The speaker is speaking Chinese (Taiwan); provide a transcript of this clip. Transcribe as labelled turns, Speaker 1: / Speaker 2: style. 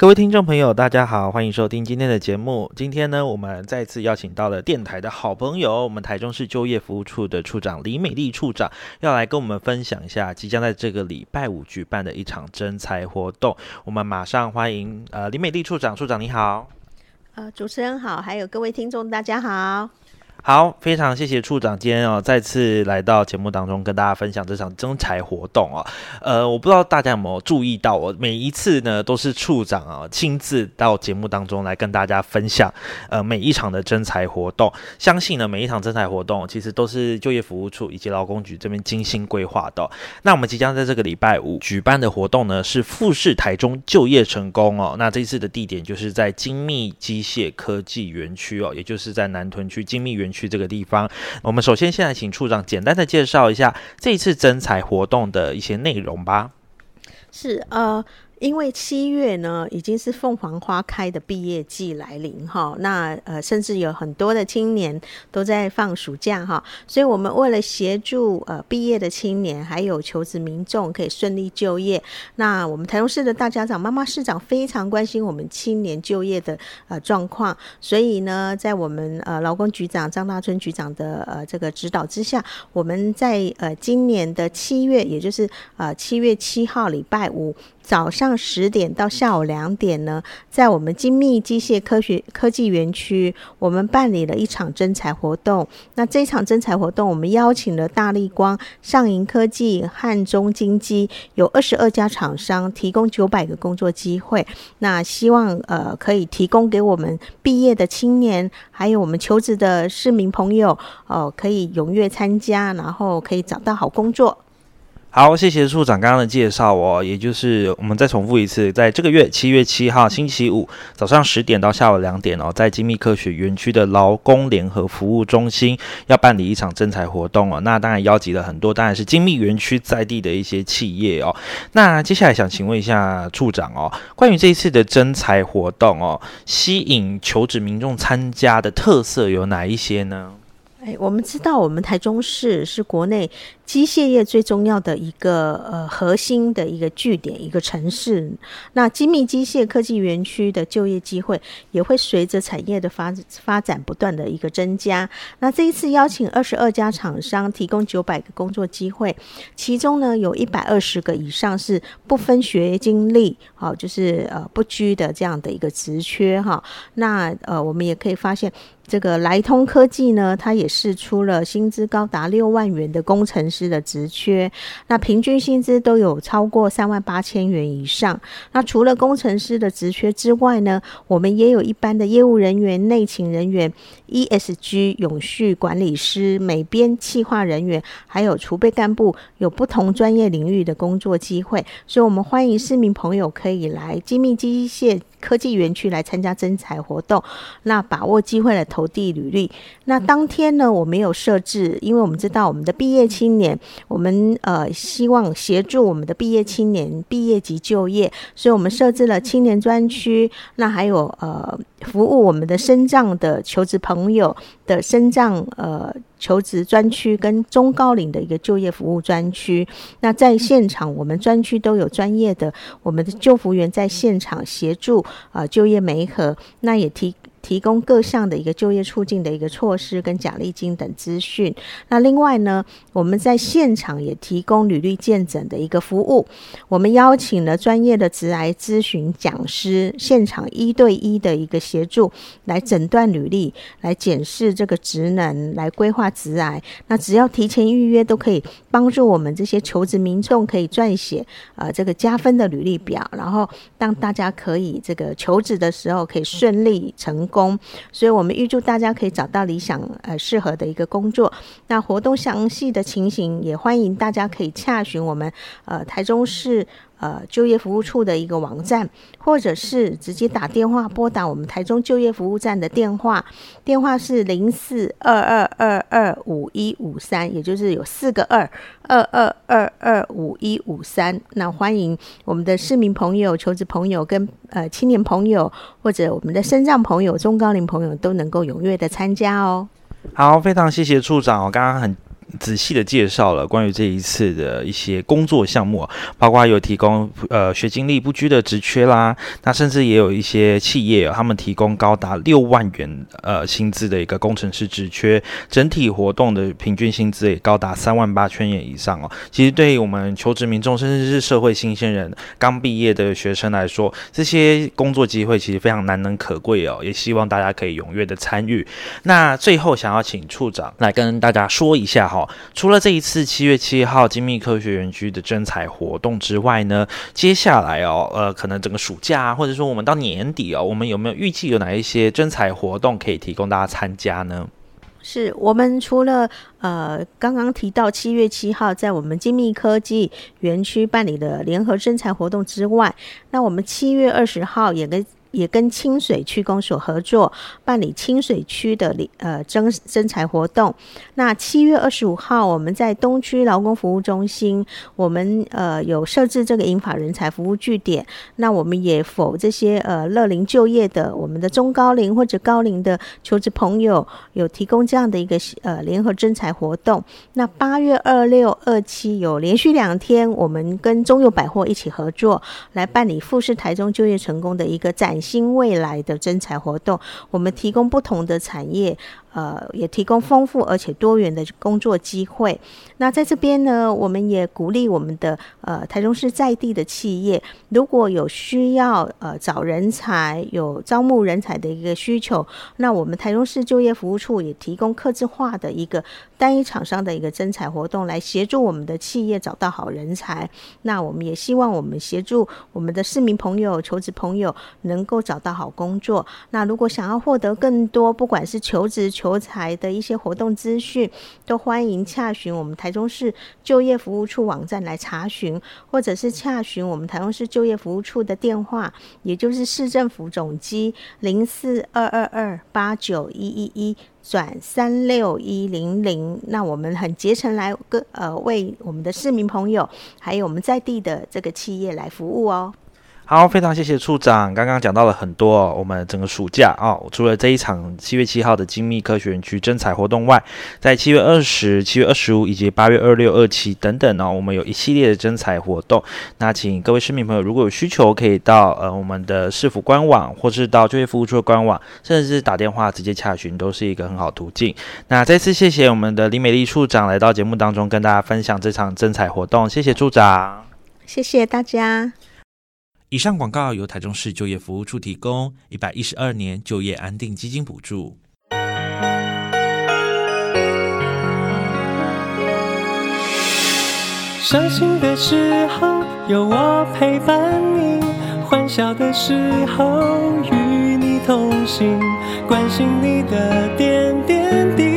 Speaker 1: 各位聽眾朋友，大家好，歡迎收聽今天的節目。今天呢，我們再次邀請到了電台的好朋友，我們台中市就業服務處的處長李美麗處長，要來跟我們分享一下即將在這個禮拜五舉辦的一場徵才活動。我們馬上歡迎，呃，李美麗處長，處長你好。
Speaker 2: 呃，主持人好，還有各位聽眾，大家好。
Speaker 1: 好，非常謝謝處長，今天啊、哦、再次來到節目當中跟大家分享這場徵才活動哦。呃，我不知道大家有沒有注意到，我每一次呢都是處長啊、哦、親自到節目當中來跟大家分享，呃，每一場的徵才活動。相信呢每一場徵才活動其實都是就業服務處以及勞工局這邊精心規劃的、哦。那我們即將在這個禮拜五舉辦的活動呢是富市台中就業成功哦。那這一次的地點就是在精密機械科技園區哦，也就是在南屯區精密園去這個地方，我們首先現在請處長簡單的介紹一下這一次徵才活動的一些內容吧。
Speaker 2: 是啊。呃因為七月呢，已經是鳳凰花開的畢業季來臨哈，那呃，甚至有很多的青年都在放暑假哈，所以我們為了協助呃畢業的青年還有求職民眾可以順利就業，那我們台中市的大家長媽媽市長非常關心我們青年就業的呃狀況，所以呢，在我們呃勞工局長張大春局長的呃這個指導之下，我們在呃今年的七月，也就是呃七月七號禮拜五。早上十點到下午兩點呢，在我們精密機械科學科技園區，我們辦理了一場徵才活動。那這場徵才活動，我們邀請了大立光、上銀科技、漢鍾精機，有二十二家廠商提供九百個工作機會。那希望呃可以提供給我們畢業的青年，還有我們求職的市民朋友哦、呃，可以踴躍參加，然後可以找到好工作。
Speaker 1: 好，謝謝處長剛剛的介紹哦，也就是我們再重複一次，在這個月七月七號星期五早上十點到下午兩點哦，在精密科學園區的勞工聯合服務中心要辦理一場徵才活動哦。那當然邀集，了很多，當然是精密園區在地的一些企業哦。那接下來想請問一下處長哦，關於這一次的徵才活動哦，吸引求職民眾參加的特色有哪一些呢？誒、
Speaker 2: 哎，我們知道我們台中市是國內。機械業最重要的一個呃核心的一個據點，一個城市。那精密機械科技園區的就業機會也會隨着產業的發發展不斷的一個增加。那這一次邀請二十二家廠商提供九百個工作機會，其中呢有一百二十個以上是不分學經歷，哦就是呃不拘的這樣的一個職缺哈、哦。那呃我們也可以發現，這個萊通科技呢，它也釋出了薪資高達六萬元的工程師。師的職缺，那平均薪資都有超過三萬八千元以上。那除了工程師的職缺之外呢，我們也有一般的業務人員、內勤人員、ESG 永續管理師、美編企劃人員，還有儲備幹部，有不同專業領域的工作機會。所以，我們歡迎市民朋友可以來精密機械科技園區來參加徵才活動，那把握機會來投遞履歷。那當天呢，我們有設置，因為我們知道我們的畢業青年。我們呃希望協助我們的畢業青年畢業及就業，所以我們設置了青年專區。那還有呃服務我們的身障的求職朋友的身障呃求職專區，跟中高齡的一個就業服務專區。那在現場，我們專區都有專業的我們的就服員在現場協助啊、呃、就業媒合。那也提。提供各項的一個就業促進的一個措施跟獎勵金等資訊。那另外呢，我們在現場也提供履歷健診的一個服務。我們邀請了專業的職涯諮詢講師，現場一對一的一個協助，來診斷履歷，來檢視這個職能，來規劃職涯。那只要提前預約，都可以幫助我們這些求職民眾可以撰寫呃這個加分的履歷表，然後當大家可以這個求職的時候可以順利成功。工，所以我們預祝大家可以找到理想呃適合的一個工作。那活動詳細的情形，也歡迎大家可以洽詢我們呃台中市。呃，就業服務處的一個網站，或者是直接打電話撥打我們台中就業服務站的電話，電話是零四二二二二五一五三，也就是有四個二二二二二五一五三。那歡迎我們的市民朋友、求職朋友跟、跟呃青年朋友，或者我們的身障朋友、中高齡朋友都能夠踴躍的參加哦。
Speaker 1: 好，非常謝謝處長，我剛剛很。仔細的介紹了關於這一次的一些工作項目，哦，包括有提供呃學經歷不拘的職缺啦，那甚至也有一些企業，哦、他們提供高達六萬元呃薪資的一個工程師職缺，整體活動的平均薪資也高達三萬八千元以上哦。其實對於我們求職民眾，甚至是社會新鮮人、剛畢業的學生來說，這些工作機會其實非常難能可貴哦，也希望大家可以踴躍的參與。那最後想要請處長來跟大家說一下哈。除了這一次七月七號精密科技園區的徵才活動之外呢，接下來哦，呃，可能整個暑假、啊，或者說我們到年底哦，我們有沒有預計有哪一些徵才活動可以提供大家參加呢？
Speaker 2: 是我們除了呃剛剛提到七月七號在我們精密科技園區辦理的聯合徵才活動之外，那我們七月二十號也跟。也跟清水區公所合作辦理清水區的呃徵徵才活動。那七月二十五號我們在東區勞工服務中心，我們呃有設置這個銀髮人才服務據點。那我們也否這些呃樂齡就業的我們的中高齡或者高齡的求職朋友，有提供這樣的一個呃聯合徵才活動。那八月二六二七有連續兩天，我們跟中友百貨一起合作來辦理富市台中就業成功的一個展新未來的徵才活動，我們提供不同的產業。呃，也提供豐富而且多元的工作機會。那在這邊呢，我們也鼓勵我們的呃台中市在地的企業，如果有需要呃找人才，有招募人才的一個需求，那我們台中市就業服務處也提供客制化的一個單一廠商的一個徵才活動，來協助我們的企業找到好人才。那我們也希望我們協助我們的市民朋友，求職朋友能夠找到好工作。那如果想要獲得更多，不管是求職，求才的一些活動資訊，都歡迎洽詢我們台中市就業服務處網站來查詢，或者是洽詢我們台中市就業服務處的電話，也就是市政府總機零四二二二八九一一一轉三六一零零。那我們很竭誠來跟呃為我們的市民朋友，還有我們在地的這個企業來服務哦。
Speaker 1: 好，非常謝謝處長。剛剛講到了很多，哦，我們整個暑假啊，哦，除了這一場七月七號的精密科技園區徵才活動外，在七月二十七月二十五以及八月二六二七等等呢，哦，我們有一系列的徵才活動。那請各位市民朋友，如果有需求，可以到呃我們的市府官網，或是到就業服務處的官網，甚至是打電話直接洽詢，都是一個很好途徑。那再次謝謝我們的李美麗處長來到節目當中，跟大家分享這場徵才活動。謝謝處長，
Speaker 2: 謝謝大家。
Speaker 1: 以上廣告由台中市就業服務處提供，一百一十二年就業安定基金補助。傷心的時候有我陪伴你，歡笑的時候與你同行，關心你的點點滴滴。